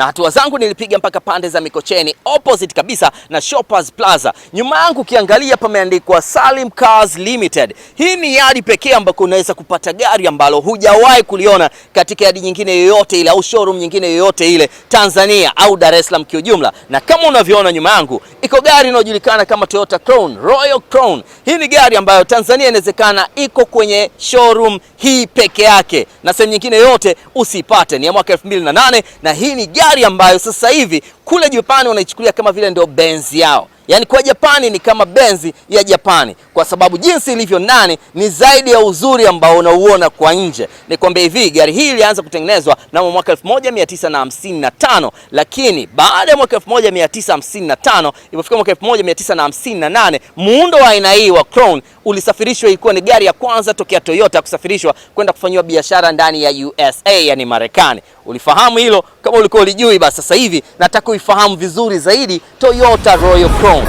na hatua zangu nilipiga mpaka pande za Mikocheni opposite kabisa na Shoppers Plaza. Nyuma yangu ukiangalia pameandikwa Salim Cars Limited. Hii ni yadi pekee ambako unaweza kupata gari ambalo hujawahi kuliona katika yadi nyingine yoyote ile au showroom nyingine yoyote ile Tanzania au Dar es Salaam kiujumla, na kama unavyoona nyuma yangu liko gari linalojulikana kama Toyota Crown, Royal Crown. Hii ni gari ambayo Tanzania inawezekana iko kwenye showroom hii peke yake na sehemu nyingine yote usipate. Ni ya mwaka 2008 na hii ni gari ambayo sasa hivi kule Japani wanaichukulia kama vile ndio benzi yao. Yaani kwa Japani ni kama benzi ya Japani, kwa sababu jinsi ilivyo ndani ni zaidi ya uzuri ambao unauona kwa nje. ni kwamba hivi, gari hili ilianza kutengenezwa namo mwaka 1955 lakini baada ya mwaka 1955 ilipofika mwaka 1958 muundo wa aina hii wa Crown ulisafirishwa, ilikuwa ni gari ya kwanza tokea Toyota kusafirishwa kwenda kufanyiwa biashara ndani ya USA, yani Marekani. Ulifahamu hilo? Kama ulikuwa ulijui, basi sasa hivi nataka uifahamu vizuri zaidi Toyota Royal Crown.